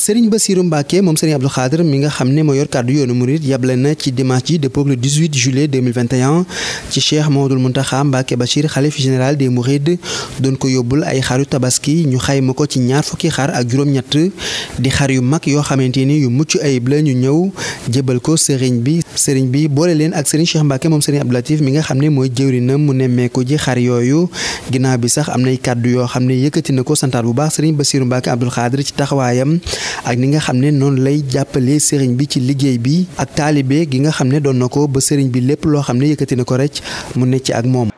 sëriñ Bassirou Mbacke moom sëriñ Abdou Khadre mi nga xam ne moo yor kàddu yoonu murit yable na ci dimanche ji dëppoog le 18 juillet 2021 ci Cheikh Mamadou Mountakha Mbacke Bachir xalif général des Mourides doon ko yóbbul ay xaru tabaski ñu xayma ko ci ñaar fukki xar ak juróom-ñett di xar yu mag yoo xamante ni yu mucc ayib la ñu ñëw jëbal ko sëriñ bi sëriñ bi boole leen ak sëriñ Cheikh Mbacke moom sëriñ Abdou Latif mi nga xam ne mooy jëwrinam mu nemmeeku ji xar yooyu ginnaaw bi sax am nay kàddu yoo xam ne yëkkati na ko santaat bu baax sëriñ Bassirou Mbacke Abdou Khadre ci taxawaayam ak ni nga xam ne noonu lay jàppale sëriñ bi ci liggéey bi ak taalibee gi nga xam ne doon na ko ba sëriñ bi lépp loo xam ne yëkkati ko rek mu ne ci ak moom.